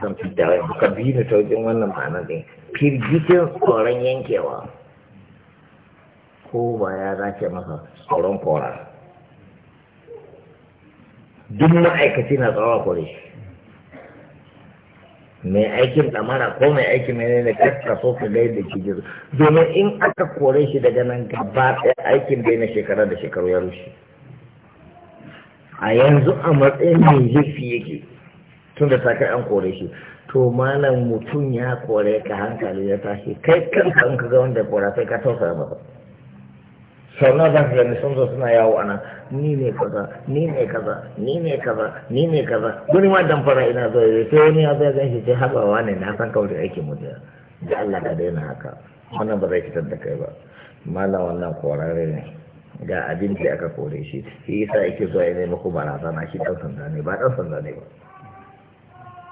son fitawa ka bi da taukin wannan ma'anar ɗin firgicin tsoron yankewa ko ba ya zace masa tsoron kora duk ma'aikaci na tsawa kore mai aikin ɗamara ko mai aikin mai da kasta so ka gai da ke domin in aka kore shi daga nan gaba ɗaya aikin dai na shekara da shekaru ya rushe a yanzu a matsayin mai zurfi yake tun da ta kai an kore shi to malam mutum ya kore ka hankali ya tashi kai kanka in ka ga wanda kora sai ka tausaya masa sau na za ka gani sun zo suna yawo ana ni ne kaza ni ne kaza ni ne kaza ni ne kaza wani ma damfara ina zo ya sai wani ya zai shi sai haɓawa ne na san kawai aikin mu da da Allah ka daina haka wannan ba zai fitar da kai ba malam wannan korare ne ga abin da aka kore shi shi yasa yake zuwa ya nemi ku barazana shi dan sanda ne ba dan sanda ne ba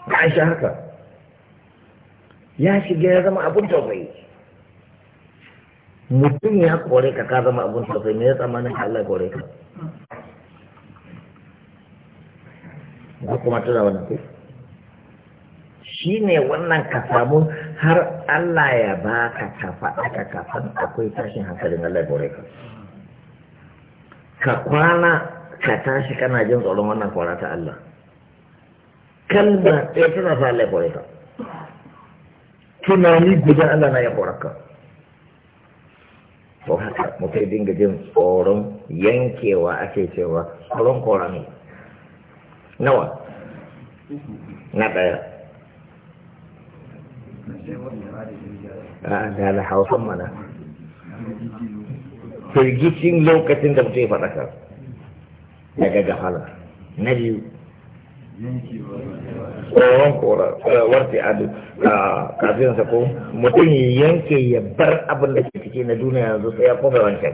ba shi haka ya shiga ya zama abin tausayi mutum ya kore ka ka zama abin tausayi me ya tsamanin Allah kore ka ba kuma tuna wannan ku shi ne wannan ka samu har Allah ya ba ka kafa aka kafa akwai tashin hankalin Allah kore ka ka kwana ka tashi kana jin tsoron wannan kwara ta Allah kalma ɗaya tana sa Allah ya kore ka tunani guda Allah na ya kore ka to haka mutum dinga jin tsoron yankewa ake cewa tsoron kora ne nawa na ɗaya a ah, da da hausan mana firgicin lokacin da mutum ya faɗaka daga gafala na biyu tsoron kora eh, warta ado ah, kafin sa ko mutum ya yanke ya bar abin da ke cike na duniya yanzu sai ya kofa wancan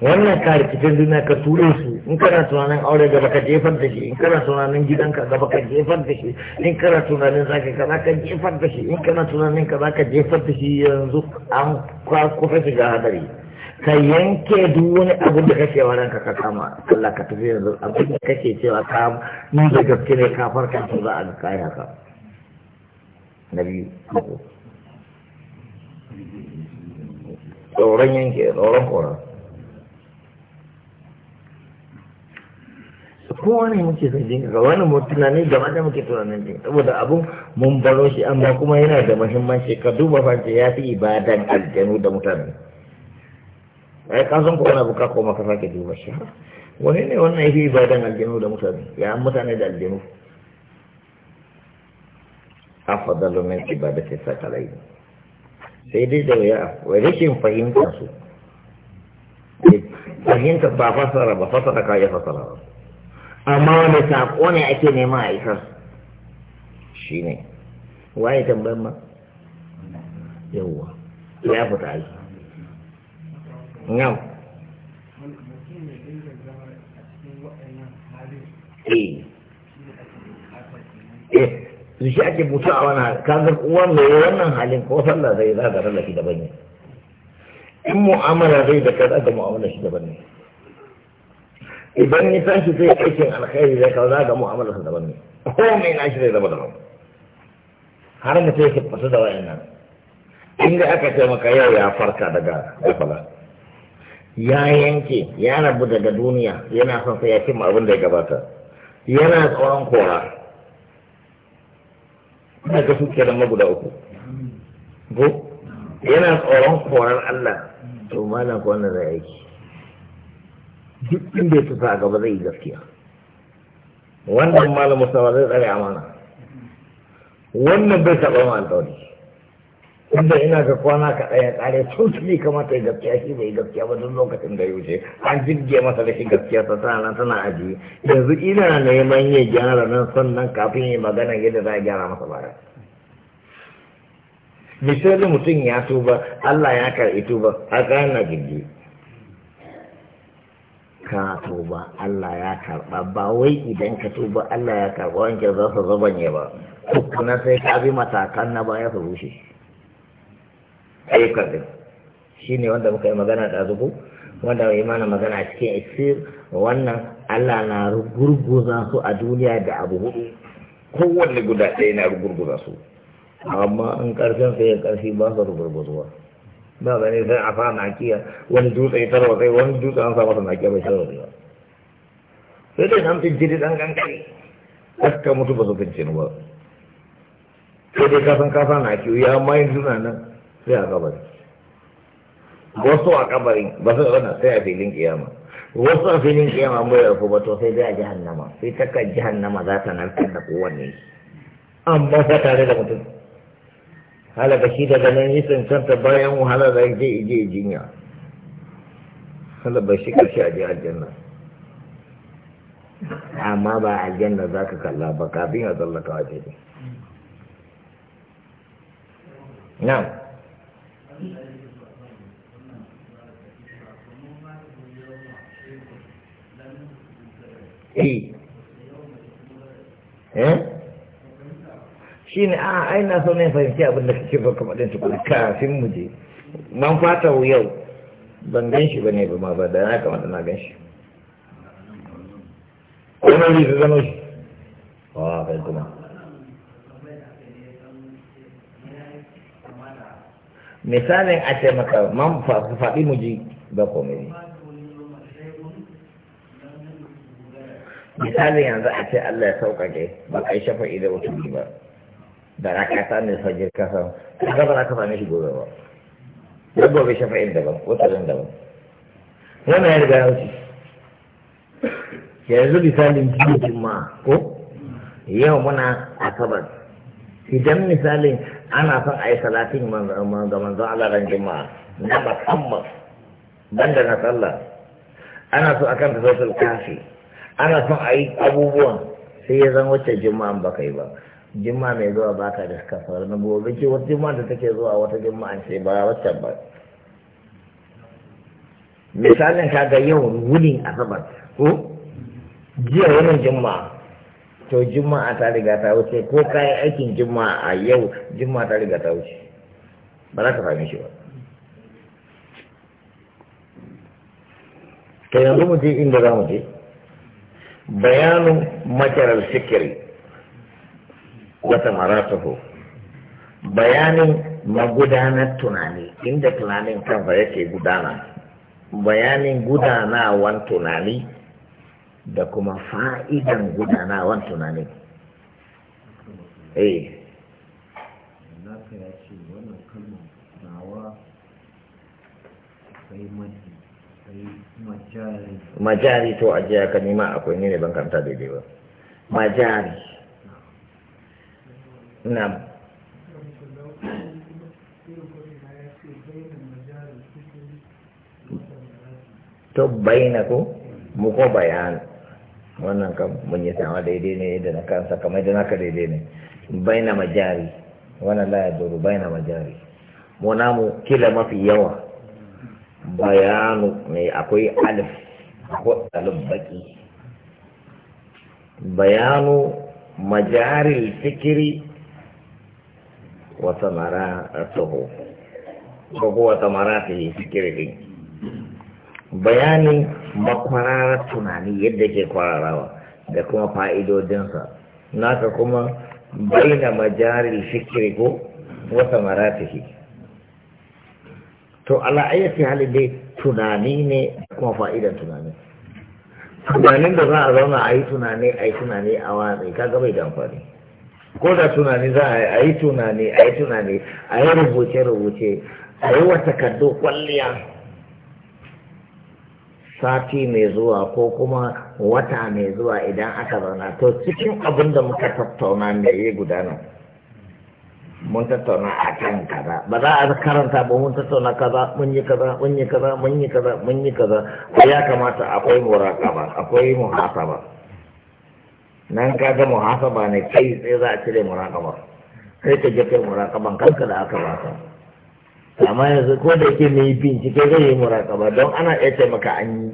wannan ka rikicin duniya ka ture su in kana tunanin aure gaba ka jefar da shi in kana tunanin gidanka gaba ka jefar da shi in kana tunanin zaka kaza ka jefar da shi in kana tunanin kaza ka jefar da shi yanzu an kwa kofa shiga hadari ka yanke duk wani abin da kake wa ranka ka kama Allah ka tafi yanzu abin da kake cewa ka ni da gaske ne ka farka to za a ga kai haka nabi tsoron yanke tsoron kora. kowa ne muke son jinka ga wani mutuna ne da da muke tunanin jin saboda abun mun baro shi amma kuma yana da muhimmanci ka duba fanta ya fi ibadan aljanu da mutane ai eh, kan san ko wani abu ka koma sake duba shi wani ne wannan yafi ibadan aljanu da mutane ya mutane da aljanu afadalu min ibadati sakalai sai dai da ya wai rashin fahimta su fahimta ba fasara ba fasara ka ya fasara ba amma wani sako ne ake nema a isar shi ne waye tambayar ma yawwa ya fita aiki Ngam. Eh. Eh, su shi ake mutu a wani kazan uwan mai wannan halin ko sallah zai za ka rarrafi daban ne. In mu'amala zai da kaza da mu'amala shi daban ne. Idan ya tashi sai aikin alkhairi zai kaza da mu'amala shi daban ne. Ko mai shi zai zama daban. Har mutum ya fasa da wa'annan. Inda aka taimaka yau ya farka daga gafala. ya yanke ya rabu daga duniya yana son sai ya cimma abin da ya gabata yana tsoron kora ina ga su da maguda uku ko yana tsoron korar Allah to malam ko wannan zai aiki duk inda ya tafi a gaba zai yi gaskiya wannan malam musawa zai tsare amana wannan bai taɓa ma alƙawari inda ina ga kwana ka ɗaya ƙare totally kamata ya gaskiya shi bai gaskiya ba duk lokacin da ya wuce an jirge masa da rashin gaskiya ta tana tana aji yanzu ina neman ya gyara nan sannan kafin yi magana yadda za a gyara masa baya misali mutum ya tuba Allah ya karɓi tuba a kayan na jirgi ka tuba Allah ya karɓa ba wai idan ka tuba Allah ya karɓa wanke za su ya ba Kuna sai ka bi matakan na baya su rushe ayyukan din shi ne wanda muka yi magana da zubu wanda mai mana magana a cikin isir wannan Allah na rugurguza su a duniya da abu hudu kowanne guda ɗaya na rugurguza su amma in ƙarfin sai ya ƙarfi ba su rugurguzuwa ba ba ne sai a fara nakiya wani dutse ya tarwa sai wani dutse an sa masa nakiya bai tarwa ba sai dai nan fin jiri ɗan kankare Aska mutu ba su fince ba sai dai kasan kasa nakiyo ya mayin suna nan sai a kabari wasu a kabari ba su rana sai a filin kiyama wasu a filin kiyama bai yarfu ba to sai dai a jahannama sai ta kan jahannama za ta narkar da kowanne an ba ta tare da mutum ba shi daga nan yi cancanta bayan wahala da je ije jinya ba shi karshe a je aljanna amma ba aljanna za ka kalla ba kafin a tsallaka waje ce na'am Eh. Eh? shi ne a aina so ne fahimci abin da kake baka faɗin tukuna kafin mu je man fata yau ban gan shi ba ne ba ma ba da na kamata na gan shi kuma ne su gano shi a kai kuma misalin a taimaka man faɗi mu ji ba komai misali yanzu a ce Allah ya sauƙaƙe ba ka yi shafa'i da wata ba da rakata ne fajir kasa kaga ba za ka same shi gobe ba ya gobe shafa'in daban watarin daban wannan ya riga ya wuce yanzu misalin jiya juma'a ko yau muna asabar idan misalin ana son a yi salatin ga manzon Allah ran juma'a na musamman banda na sallah ana so akan ta sautul kafi ana son a yi abubuwan sai ya zan wacce juma'an ba kai ba juma'a mai zuwa ba ka da kafar na gobe ke wata juma'a da take zuwa wata juma'an sai ba wacce ba misalin ka ga yau a asabar ko jiya wani juma'a to juma'a ta riga ta wuce ko kayan aikin juma'a a yau juma'a ta riga ta wuce ba za ka fahimci shi ba to yanzu mu je inda za mu je بيان مجرى الفكر وثمراته bayanin magudanan tunani inda tunanin kansa yake gudana bayanin gudanawan tunani da kuma fa'idan gudanawan tunani eh naka ya ce nawa akwai mafi majari to ajiya ka nima akwai ne ban kanta daidai ba majari na to bayina ko mu ko bayan wannan kan mun yi sama daidai ne da na kansa kamar da ka daidai ne baina majari wannan la ya duru baina majari mu mu kila mafi yawa bayanu mai akwai alif ko alif baki bayanu majaril fikiri wa samaratuhu ko kuwa samaratuhu fikiri din bayanin makwararar tunani yadda ke kwararawa da kuma fa'idodinsa naka kuma baina majaril fikiri ko wa samaratuhu to ala ayyati hali dai tunani ne kuma fa'idan tunani tunanin da za a zauna a yi tunani a yi tunani a watsi kaga bai da amfani ko da tunani za a yi tunani a yi tunani a yi rubuce-rubuce a yi wa takardu kwalliya sati mai zuwa ko kuma wata mai zuwa idan aka zauna to cikin abin da muka tattauna mai yi gudana mun tattauna a kan kaza ba za a karanta ba mun tattauna kaza mun yi kaza mun yi kaza mun yi kaza mun yi kaza ko ya kamata akwai muraqaba akwai muhasaba nan ga muhasaba ne kai sai za a cire muraqaba kai ka je kai muraqaban kanka da aka baka amma yanzu ko da yake mai bincike zai yi muraqaba don ana iya ce maka an yi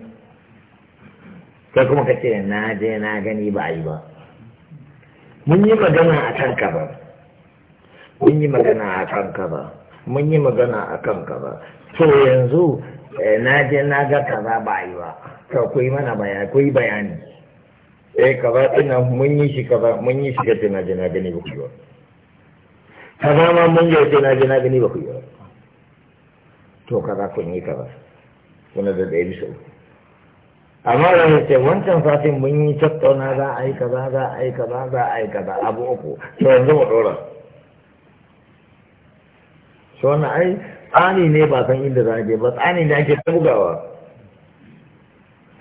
kai kuma ka ce na je na gani ba a yi ba mun yi magana a kan kaza. mun yi magana a kan kaza mun yi magana a kan kaza to yanzu eh, na je na ga kaza ba yi ba ka ku mana bayani ku bayani eh kaza ina mun yi shi kaza mun yi shi kace na je na gani ba ku ba kaza ma mun yi ce na je na gani ba ku ba to kaza kun yi kaza kuna da ɗaya bisa amma da ya ce wancan satin mun yi tattauna za a yi kaza za a yi kaza za a yi kaza abu uku to yanzu mu ɗora shi wannan ai tsani ne ba san inda za a je ba tsani ne ake tabugawa.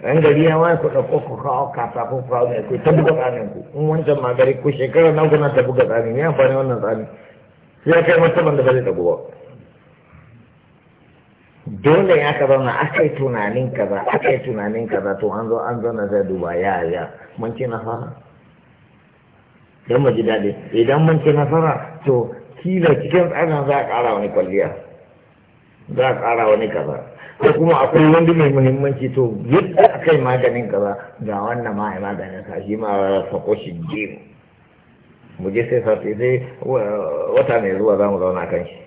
bugawa gari ya wani ku ɗauko ku kawo ko fawo ne ku ta buga tsanin ku in wancan ma gari ku shekarar nan kuna ta buga tsanin ya amfani wannan tsani sai ya kai martaban da ba zai ɗago dole ya ka zauna aka yi tunanin kaza aka yi tunanin kaza to an zo an zauna zai duba ya ya mun ci nasara don mu ji daɗi idan mun ci nasara to kila cikin tsarin za a ƙara wani kwalliya za a ƙara wani kaza ko kuma akwai wani mai muhimmanci to yadda a kai maganin kaza ga wannan ma a maganin ka shi ma sako shi je mu je sai sai sai eh, wata mai zuwa za mu zauna kan shi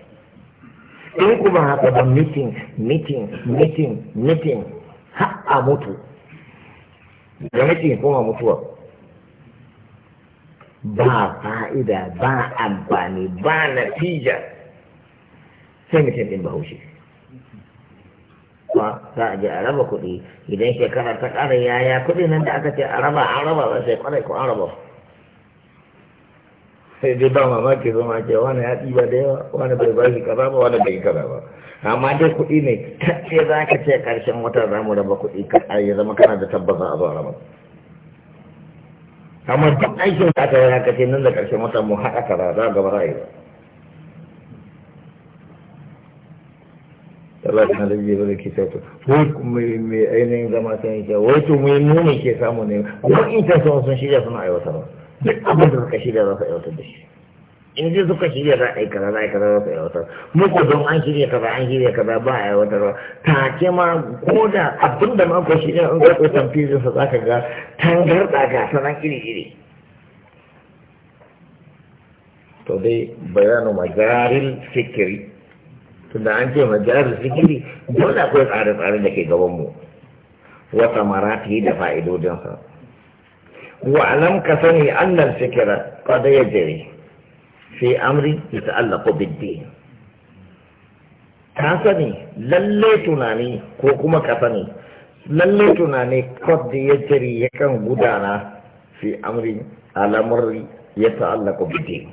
in kuma haka ba mitin mitin mitin mitin har a mutu ga mitin kuma mutuwa ba fa'ida ba amfani ba natija sai mutum ɗin ba kuma za a je a raba kuɗi idan shekara ta ƙara yaya kuɗi nan da aka ce a raba an raba ba sai kwarai ko an raba sai dai ba mamaki zama ce wani ya ɗiba da yawa wani bai ba shi kaza ba wani bai kaza ba amma dai kuɗi ne kacce za ka ce karshen wata za mu raba kuɗi ka ya zama kana da tabbata a zuwa raba amma duk aikin da aka yi haka ce nan da ƙarshen wata mu haɗa kara za ga ba ra'ayi ba Allah ta halabi ba da ke sautu wai mai ainihin zama sun yi kyau wai to mai nuni ke samu ne wani ita sun shirya suna aiwatar duk abin da suka shirya za su aiwatar da shi in ji suka shirya za a yi kaza za a yi kaza za su yi wata muku don an shirya kaza an shirya kaza ba a yi wata ba ta ke ma ko da abin da mako shirya in zaɓi tamfizin sa ka ga tangarɗa ga sanan iri-iri to dai bayanu majarin fikiri tunda an ce majarin fikiri dole akwai tsare-tsare da ke gaban mu wata marati da fa'idodinsa wa'alam ka sani annan fikira kada ya jere في أمر يتعلق بالدين كاسني للي تناني كوكما كاسني للي تناني قد يجري يكن غدانا في أمر على مر يتعلق بالدين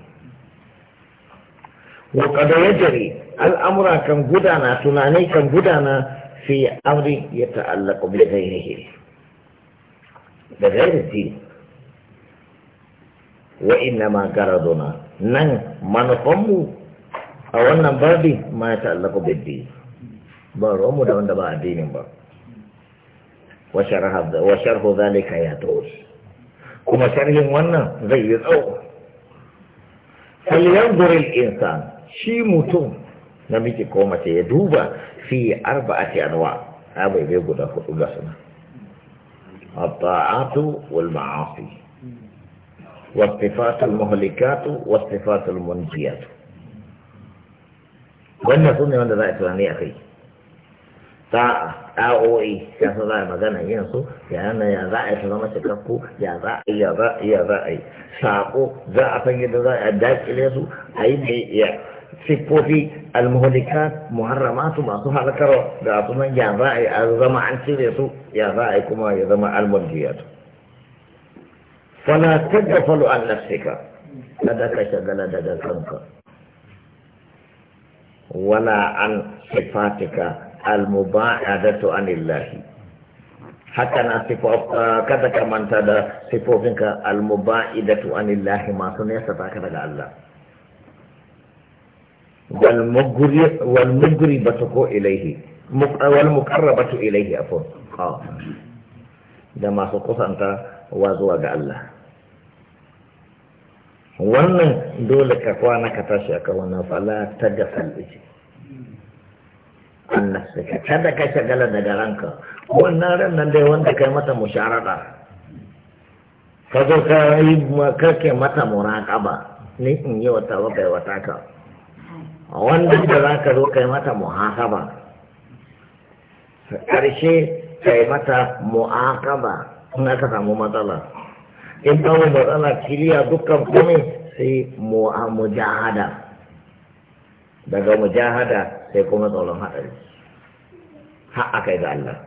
وقد يجري الأمر كان غدانا تناني كان غدانا في أمر يتعلق بغيره بغير الدين وإنما قردنا nan manufanmu a wannan babi ma ya ta'allaka biddi ba ruwanmu da wanda ba addinin ba wa sharhu zalika ya tos kuma sharhin wannan zai yi tsawo saliyan al-insan shi mutum miki ko mace ya duba fi arba'ati anwa abai bai guda hudu ga sunan at-ta'atu wal ma'afi. والصفات المهلكات والصفات المنجيات وين يكون من ذا إتلاني أخي تا أو إي كيف ذا مدن ينسو يعني يا ذا إتلام تكفو يا ذا يا ذا يا ذا إي ساقو ذا أفنج ذا أداك إليسو أي بي يا سيبوتي المهلكات محرمات ما سوها لكرو ذا أتمنى يا ذا إي أذا ما عنسي ليسو يا ذا إي كما يا ذا ما المنجياتو فلا تغفل عن نفسك لدكش لدك ذنبك ولا عن صفاتك المباعدة عن الله حتى نصف كذا كما انت صفاتك المباعدة عن الله ما سنيت فكذا الله والمقربة إليه والمقربة إليه أفضل ده ما سقص أنت وزوج الله wannan dole ka kwana ka tashi a na fala ta ga salbici An sai ka kada ka shagala daga ranka wannan ran nan dai wanda kai mata musharada ka zo ka yi kake mata muraqaba ni in yi wata ba yi wata ka wanda da za ka zo kai mata muhasaba ƙarshe kai mata mu'aqaba in aka samu matsala in babu matsala kiliya dukkan kome sai mujahada daga mujahada sai kuma tsoron haɗari har aka yi ga Allah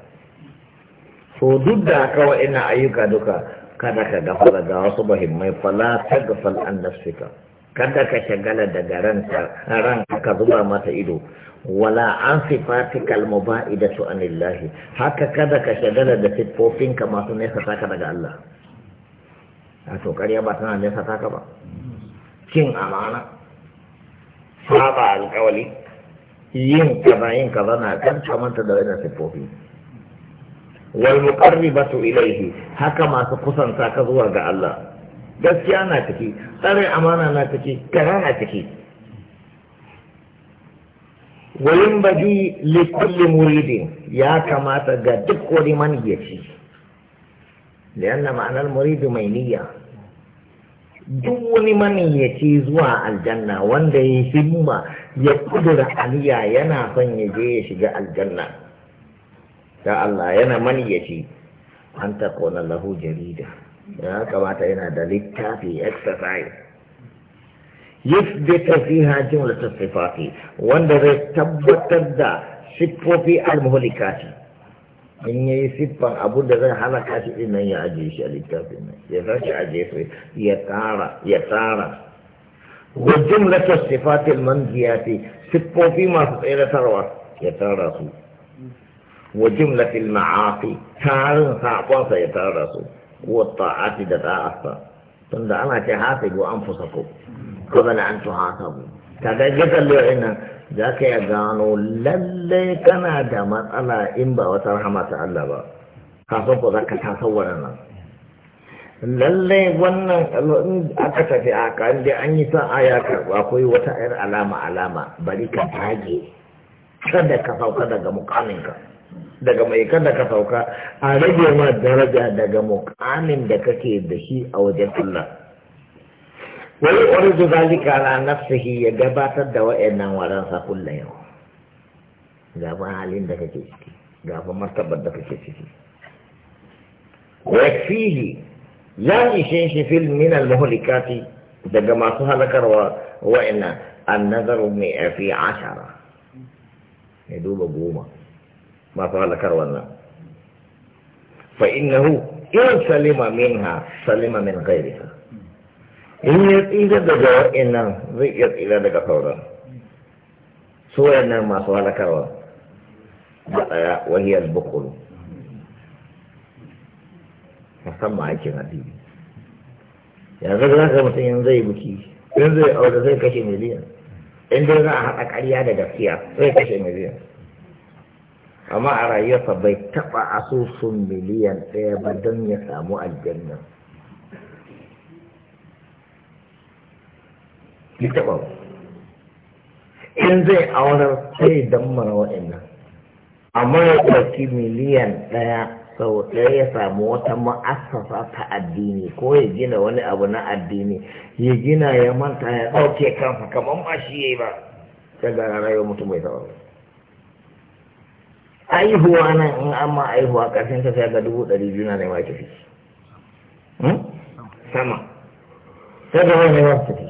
so duk da kawai ina ayyuka duka kada ka gafara ga wasu muhimmai fala ta gafal an nasfika kada ka shagala daga ranka ka zuba mata ido wala an sifatikal muba'idatu anillahi haka kada ka shagala da siffofinka masu nesa saka daga Allah a to ƙarya ba tana nesa taka ba cin amana saba alƙawali yin kaza yin kaza na kan kamanta da wani siffofi wal muqarribatu ilaihi haka masu kusanta ka zuwa ga Allah gaskiya na tafi, tsare amana na tafi, kara na ciki wayin baji li kulli muridin ya kamata ga duk wani maniyaci ma'anar معنى mai niyya duk wani maniyyaci zuwa aljanna wanda ya himma ya kudura aliya yana son ya je ya shiga aljanna da Allah yana maniyyaci an taƙona lahu jarida ya kamata yana da littafi exercise yusbita fiha jumlatus wanda zai tabbatar da siffofi al-muhlikati in ya yi siffan abun da zai halaka shi din nan ya ajiye shi a littafin nan ya sake ajiye su ya tsara ya tsara wa jumlatu sifatil manziyati siffofi masu tseratarwa ya tara su wa jumlatil ma'asi tarin sakonsa ya tara su wa ta'ati da ta'asa tunda ana ce hasibu anfusakum qabla an tuhasabu kaga gadan lo'in nan za ka ya gano lallai kana da matsala in ba wata rahama ta Allah ba kafin ku za ka tasowar nan lallai wannan in aka tafi a kan da an yi sa aya karɓa akwai wata ayar alama alama bari ka tage kada ka sauka daga mukaminka daga mai kada ka sauka a rage ma daraja daga mukamin da kake da shi a wajen Allah ويعرض ذلك على نفسه يجبات الدواء ورانسا كل يوم جابا عالين دك تشكي جابا مرتبا دك تشكي ويكفيه لا يشيش في من المهلكات دك ما سهلك وإن النذر في عشرة يدوب بوما ما سهلك وإن فإنه إن سلم منها سلم من غيرها in ya tsira daga wa'annan zai iya tsira daga sauran su wa'annan masu halakarwa da tsaya wahiyar bukuru musamman aikin addini yanzu da zaka mutum yanzu zai buki yanzu zai aure zai kashe miliyan in dai za a haɗa ƙarya da gaskiya zai kashe miliyan amma a rayuwarsa bai taɓa asusun miliyan ɗaya ba don ya samu aljanna ya taɓa in zai aurar sai dammara waɗannan amma ya ɗauki miliyan ɗaya sau ɗaya ya samu wata ma'asasa ta addini ko ya gina wani abu na addini ya gina ya manta ya ɗauke kansa kamar ma shi ya yi ba sai ga rayuwar mutum mai taɓa aihuwa nan in an ma aihuwa ƙarshen ta sai ga dubu ɗari biyu na ne ma tafi hmm? sama sai ga wani ma tafi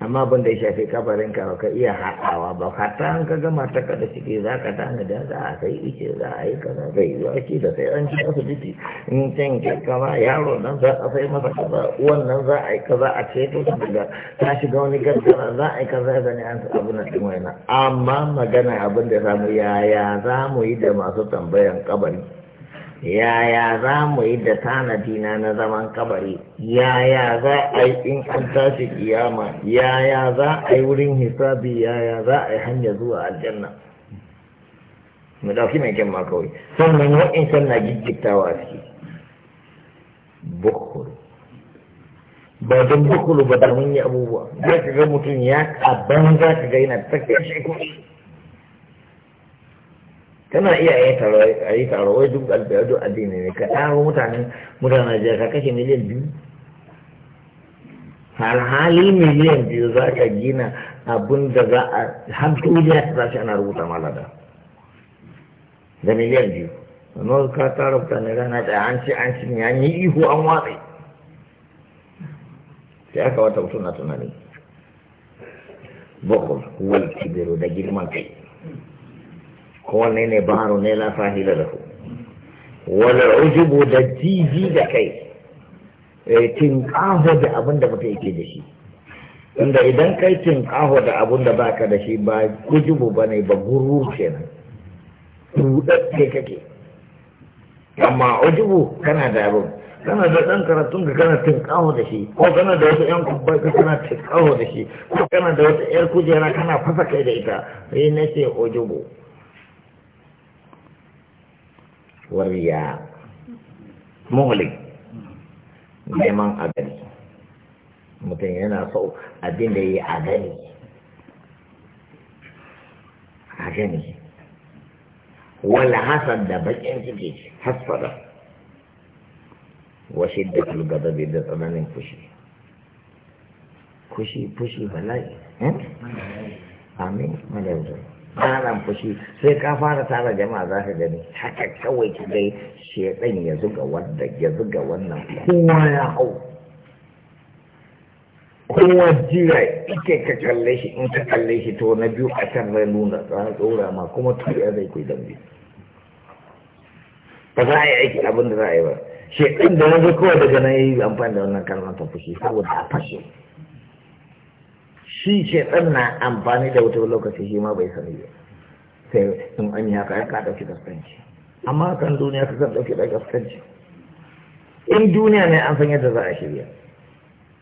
amma abin da ya shafi kabarin ka ka iya haɗawa ba ka ta an ka gama ta kada ciki za ka tana da za a kai ice za a yi kaza zai yi a da sai an ci asibiti in can ke kama yaro nan za a sai masa kaza uwan nan za a yi kaza a to su daga ta shiga wani gaggara za a yi kaza ya zane an abu na ɗin wani amma magana abin da samu yaya za mu yi da masu tambayan kabari yaya za mu yi da tanadina na zaman kabari yaya za a yi in an tashi kiyama yaya za a yi wurin hisabi yaya za a yi hanya zuwa aljanna mu dauki mai kyan kawai sannan wa'in san na giggitawa a ciki bukuru ba don bukuru ba da mun yi abubuwa ya ka ga mutum ya kaban za ka ga yana takashi kuɗi kana iya yin taro a yi taro wai duk albiyar duk addini ne ka taro mutanen mutanen jiya ka kashe miliyan biyu har hali miliyan biyu za ka gina abun da za a har duniya ta tashi ana rubuta malada da miliyan biyu amma ka tara mutane rana da an ci an ci an yi ihu an watsi sai aka wata mutum na tunani bukul wani kibiru da girman kai kowanne ne baro ne la fahila da ku wal ujubu da jiji da kai eh, tinkaho da abin da mutum yake da shi inda idan kai tinkaho da abin da baka da shi ba kujubu ba ne ba guru kenan rudadde kake amma ujubu kana da abin kana da ɗan karatun ka kana tinkaho da shi ko kana da wasu 'yan kubbai ka kana tinkaho da shi ko kana da wata yar kujera kana fasa kai da ita sai eh, na ce ujubu wariya muhlik neman a gani mutum yana so abin da yi a gani a gani wala hasan da bakin ciki hasfada wa shiddatul gadabi da tsananin fushi fushi fushi bala'i eh? amin malaikatu malam fushi sai ka fara tara jama'a za ka gani haka kawai ki dai shedan ya zuga wanda ya zuga wannan kowa ya hau kowa jira ike ka kalle shi in ka kalle shi to na biyu a can rai nuna tsara tsora ma kuma tuya zai kai dambe ba za a yi aiki abin da za a yi ba shekan da na zo kowa daga na yi amfani da wannan kalmar ta fushi saboda a fashe shi shaitan na amfani da wata lokaci shi ma bai sani ba sai in an yi haka ya ka dauki gaskanci amma kan duniya ka kan dauki gaskanci in duniya ne an san yadda za a shirya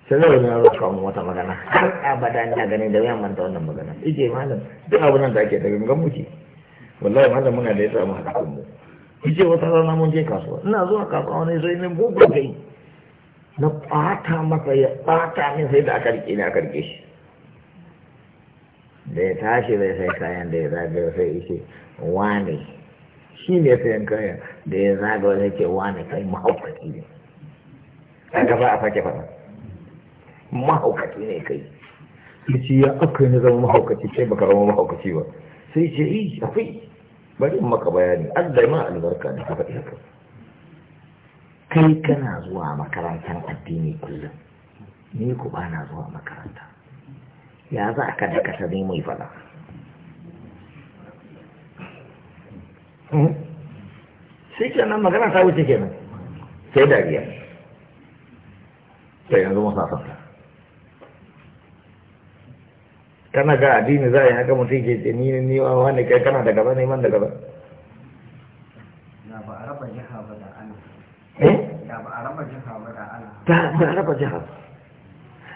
sai zai wani roƙa kawo wata magana har abada ina ganin da wayan manta wannan magana ije malam duk abin nan da ake da gangan muke wallahi malam muna da yasa mu haɗa kan mu ije wata rana mun je kasuwa ina zuwa kasuwa wani zai ne bugun kai na ɓata masa ya ɓata min sai da aka rike ni aka rike shi da ya tashi zai sai kayan da ya zagaya sai ishe wane shi ne sayan kayan da ya zagaya zai ce wane kai mahaukaci ne a gaba a fake fara mahaukaci ne kai da ce ya aka yi zama mahaukaci sai baka zama mahaukaci ba sai ce yi akwai bari maka bayani allah ma albarka ne ka faɗi haka kai kana zuwa makarantar addini kullum ni ku ba na zuwa makaranta ya za ka da kasa zai mai fada hmm? shi nan magana ta wuce kenan sai dariya sai yanzu masu asanta kana ga adini za a yi haka mutum ke ce ni ni wa wani kai kana da gaba neman da gaba da ba a raba jiha ba da ana eh? ba a raba jiha ba da ana ba a raba jiha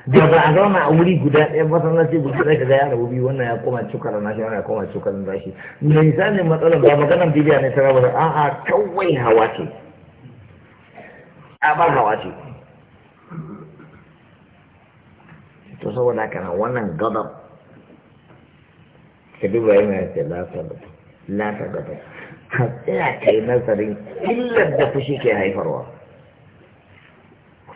da ba a zauna a wuri guda ɗaya masallaci guda ɗaya ga ya rabu biyu wannan ya koma cukar na shi wannan ya koma cukar na shi misalin matsalar ba maganar bidiya ne ta rabu a a kawai hawa ce a ba hawa ce to saboda haka nan wannan gadab ka duba yana ce la ta gaba la ta gaba ka tsaya kai nazarin illar da fushi ke haifarwa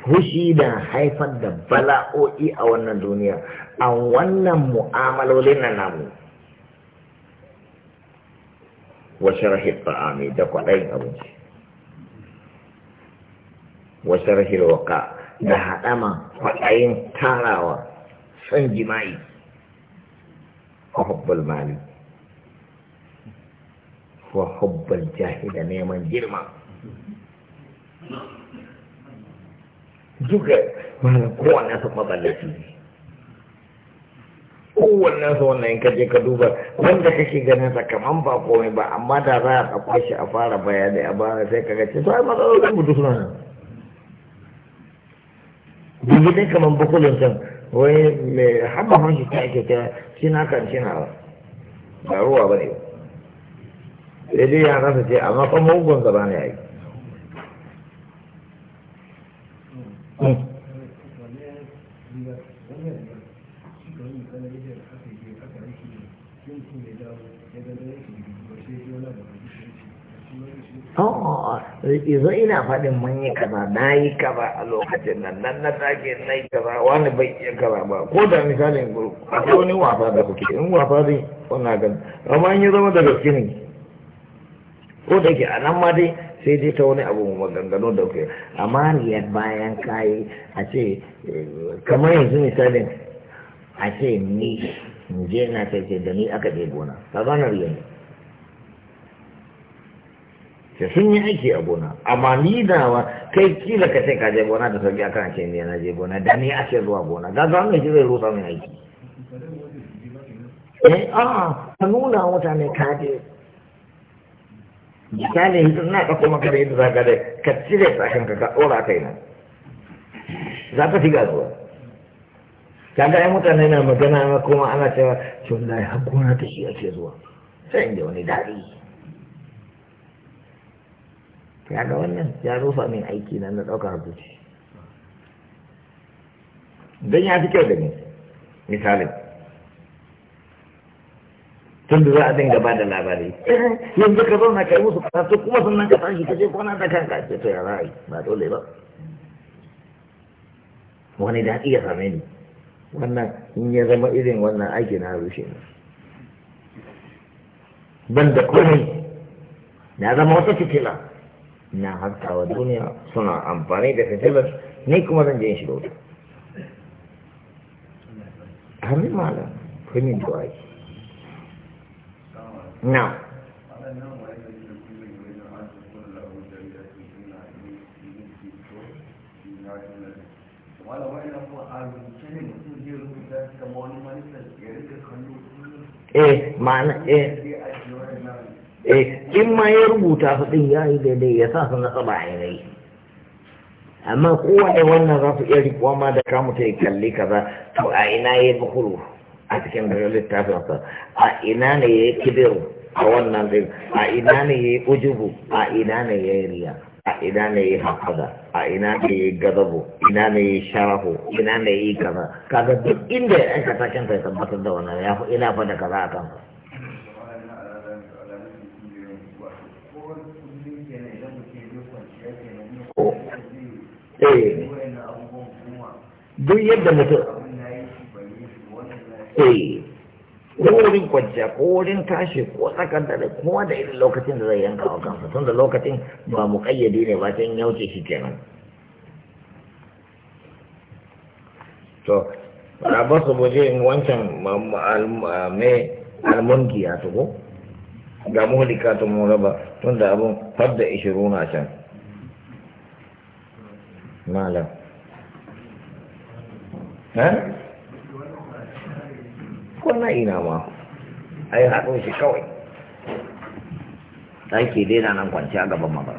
fushi da haifar da bala'o'i a wannan duniya a wannan mu'amalolin na namu wasu rahib ta'ami da kwaɗayin abinci wasu rahib waƙa da haɗama kwaɗayin tarawa son jima'i wahabbal mali wahabbal jahi da neman girma duka malam kowanne su maballaci ne kowanne su wannan in kaje ka duba wanda kake ganin sa kaman ba komai ba amma da za a ɗauko shi a fara bayani a ba sai ka ga ce to ai matsalolin mu duk nan dubi dai kaman bukulin can wai mai haɓa hanshi ta ake kira shi na kan shi na ba ruwa ba ne sai dai ya rasa ce a fa mugun gaba ne ya yi Izo ina faɗin mun yi kaza na yi kaza a lokacin nan nan na take na yi kaza wani bai iya kaza ba ko da misalin ko ni wafa da kuke in wafa zai kuna gani amma in yi zama da gaske ne ko da ke a nan ma dai sai dai ta wani abu maganganu da ke amma ya bayan kayi a ce kamar yanzu misalin a ce ni je na ce ce da ni aka je gona ka gane riyar ne sai sun yi aiki a gona amma ni da wa kai kila ka ce ka je gona da sauki akan ce ni na je gona da ni ake zuwa gona ga ga ne zai rusa min aiki eh a ka nuna mutane ka je misali hidin na ɗauko maka da yadda za ka da ka cire sashen ka ka ɗora kai nan za ka fi gazuwa kaga ai mutane na magana na kuma ana cewa cin da ya gona ta shi ake zuwa sai inda wani daɗi kaga wannan ya rufa min aiki nan na ɗaukar rubuci don ya fi kyau da ni misali tun da za a dinga ba da labari yanzu ka zauna ka yi musu karatu kuma sannan ka tashi ka je kwana da kanka ce to ya ra'ayi ba dole ba wani da iya same ni wannan in ya zama irin wannan aiki na rushe ne ban da komai na zama wata fitila na haskawa duniya suna amfani da fitilar ni kuma zan je in shiga wuta amin malam kun yi na'am eh ma'ana eh eh in ma ya rubuta su din ya yi daidai ya sa su na tsaba ainihi amma kowane wannan za su iya rikuwa ma da kamu ta yi kalli kaza to a ina ya yi bukuru a cikin daga littafinsa a ina ne ya yi kibiru a wannan din a ina ne yi ujubu a ina ne yayi riya a ina ne yi hakada a ina ne yi gadabu ina ne yi sharahu ina ne yi kaza kaga duk inda ya aika ta kanta ya tabbatar da wannan ya fi ina fa da kaza a kansa eh. duk yadda mutum eh. wurin kwanciya ko wurin tashi ko tsakan da kowa da irin lokacin da zai yanka wa kansa tun da lokacin ba mu kayyade ne ba sai can yauce shi kenan to rabar su buje in wancan mai almungiya ta ko ga muhlika ta mu raba tun da abin fadda ishiru na can malam eh na ina ma a yi haɗin shi kawai ɗaki dai na nan kwanciya gaban mabar